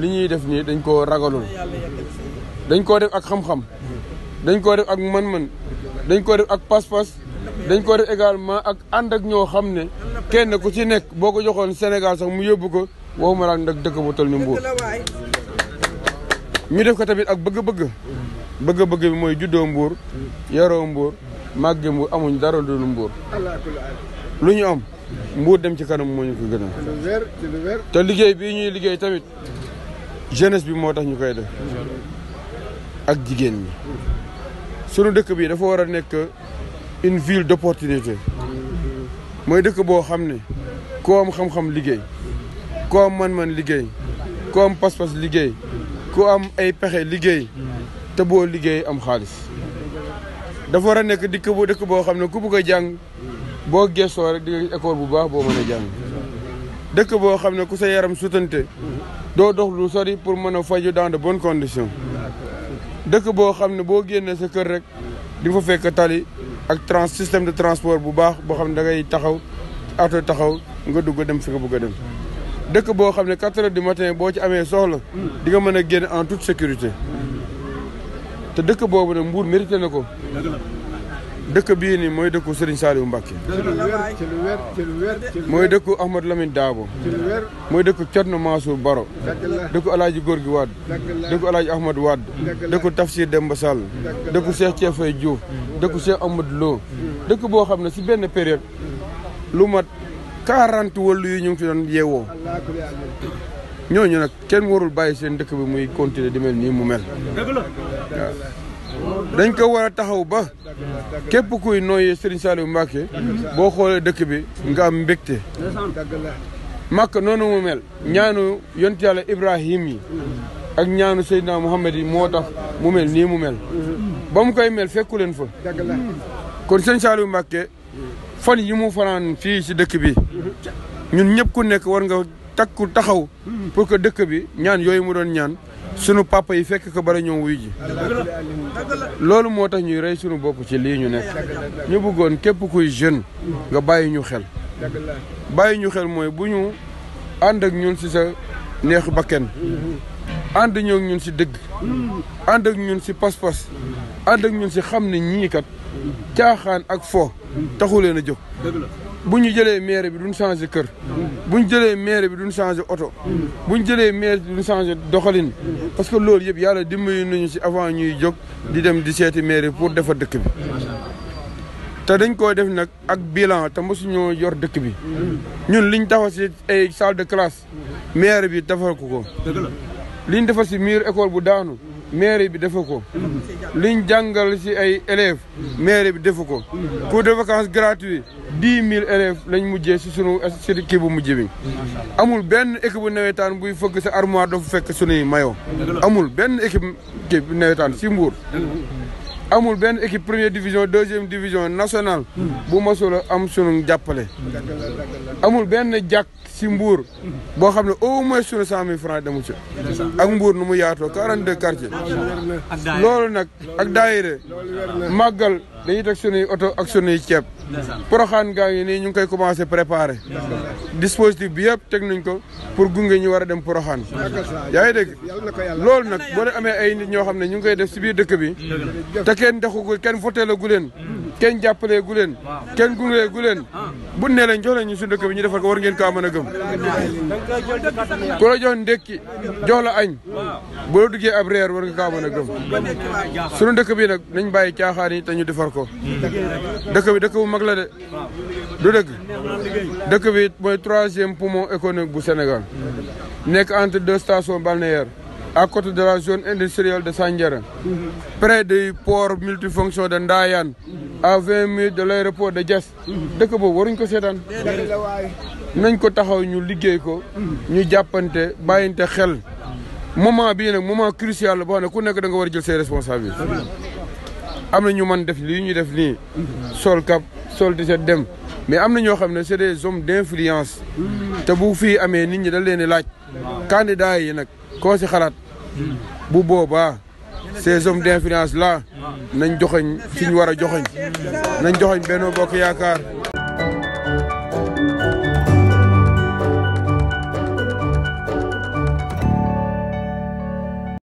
li ñuy def nii dañ koo ragalul dañ koo def ak xam-xam dañ koo def ak man-man dañ koo def ak pas-pas dañ koo def également ak ànd ak ñoo xam ne kenn ku ci nekk boo ko joxoon Sénégal sax mu yóbbu ko waxuma laak nag dëkk bu tol ni Mbour ñu def ko tamit ak bëgg-bëgg bëgg-bëgg bi mooy juddoo Mbour yaroo Mbour màgge Mbour amuñ dara dul Mbour lu ñu am Mbour dem ci kanam moo ñu ko gënal te liggéey bii ñuy liggéey tamit jeunesse bi moo tax ñu koy def ak jigéen ñi sunu dëkk bi dafa war a nekk une ville d'opportunité mooy dëkk boo xam ne ku am xam-xam liggéey ku am man-man liggéey ku am pas-pas liggéey ku am ay pexe liggéey te boo liggéey am xaalis dafa war a nekk dikk bu dëkk boo xam ne ku bëgg jàng boo gëstoo rek di école bu baax boo mën jàng dëkk boo xam ne ku sa yaram sutante doo dox lu sori pour mën a faju dans de bon conditions dëkk boo xam ne boo génnee sa kër rek di nga fa fekk tali ak trans système de transport bu baax boo xam ne da ngay taxaw ato taxaw nga dugg dem fi nga bëgg a dem dëkk boo xam ne quatre heures du matin boo ci amee soxla dinga mën a génne en tout sécurité te dëkk boobu nag mbuur mérité na ko dëkk bii nii mooy dëkku Serigne Saliou Mbacké. mooy dëkku Ahmad Lamine Daabo. mooy dëkk Thierno Mansour Baro. dëkku El Hadj Gorgui Wade. dëkku El Hadj Ahmad Wade. dëkku Tafsir Demba Sall. dëkku Cheikh Thiéfaye Diouf. dëkku Cheikh Amadou Lo. dëkk boo xam ne si benn période lu mat quarante wàllu yi ñu ngi fi doon yeewoo. ñooñu nag kenn warul bàyyi seen dëkk bi muy continuer di mel nii mu mel waaw. dañ ko war a taxaw ba képp kuy nooyee Serigne Saliou Mbacké boo xoolee dëkk bi nga am mbégte màkk noonu mu mel ñaanu yont yàlla Ibrahim yi ak ñaanu Seydina Mouhamed yi moo tax mu mel nii mu mel ba mu koy mel fekku leen fa kon Serigne Saliou Mbacké fan yi mu fanaan fii si dëkk bi ñun ñëpp ku nekk war nga takku taxaw pour que dëkk bi ñaan yooyu mu doon ñaan sunu papa yi fekk ko bala ñoo wuy ji loolu moo tax ñuy rey sunu bopp ci lii ñu nekk ñu bëggoon képp kuy jeune nga bàyyi ñu xel bàyyi ñu xel mooy bu ñu ànd ak ñun si sa neexu bakken ànd ñoo ñun si dëgg ànd ak ñun si pas-pas ànd ak ñun si xam ne ñii kat caaxaan ak fo taxu leen a jóg bu ñu jëlee maire bi duñ changé kër bu ñu jëlee maire bi duñ changé oto bu ñu jëlee maire bi ñu changé doxalin parce que loolu yëpp yàlla dimbali nañu si avant ñuy jóg di dem di seeti maire bi pour defar dëkk bi te dañ koy def nag ak bilan te mosuñoo yor dëkk bi ñun liñ taxaw si ay de classe maire bi defar ko ko defar si mur école bu daanu mairie bi defu ko liñ jàngal ci ay élèves mairie bi defu ko cours de vacances gratuit dix mille élèves lañ mujjee ci sunu ci kii bu mujj mi amul benn équipe bu nawetaan buy fëgg sa armoire dafa fekk sunuy mayo amul benn équipe kii nawetaan si Mbour amul benn équipe première division deuxième division nationale. bu masolo am sunu jàppale. amul benn jàkk si Mbour. boo xam ne au moins sunu cent mille francs demu ci. ak Mbour nu mu yaatoo 42 quartiers. loolu nag ak daayire màggal dañuy teg sunuy oto ak sunuy ceeb. poroxaan gaa ngi nii ñu ngi koy commencé préparer dispositif bi yëpp teg nañ ko pour gunge ñu war a dem poroxaan yaa ngi dégg loolu nag boo dee amee ay nit ñoo xam ne ñu ngi koy def si biir dëkk bi te kenn dexu ko kenn voté la gu leen kenn jàppalee gulen leen kenn gunge gu bu ne leen jox leen ñu suñu dëkk bi ñu defal ko war ngeen kaa mën gëm ku la jox ndékki jox la añ bu la duggé ab reer war nga kaa mën gëm suñu dëkk bi nak nañ bàyyi caaxaan yi te ñu defal ko dëkk bi dëkk bu mag la de du deug dëkk bi moy 3e poumon économique bu Sénégal nekk entre deux stations balnéaires à côté de la zone industrielle de Sandiara près du port multifonction de Ndayane à vingt minutes de l'aéroport de Diass dëkk boobu waruñ ko seetaan nañ ko taxaw ñu liggéey ko ñu jàppante bàyyinte xel moment bii nag moment crucial la boo xam ne ku nekk da nga war a jël ses responsabilités am na ñu mën def li ñu def nii sol cap sol t-shirt dem mais am na ñoo xam ne c'est des hommes d'influence te bu fii amee nit ñi da leen di laaj candidat yi nag koo si xalaat bu boobaa ces hommes d'influence là nañ joxoñ fi ñu war a joxoñ nañ joxoñ Benno Bokk Yaakaar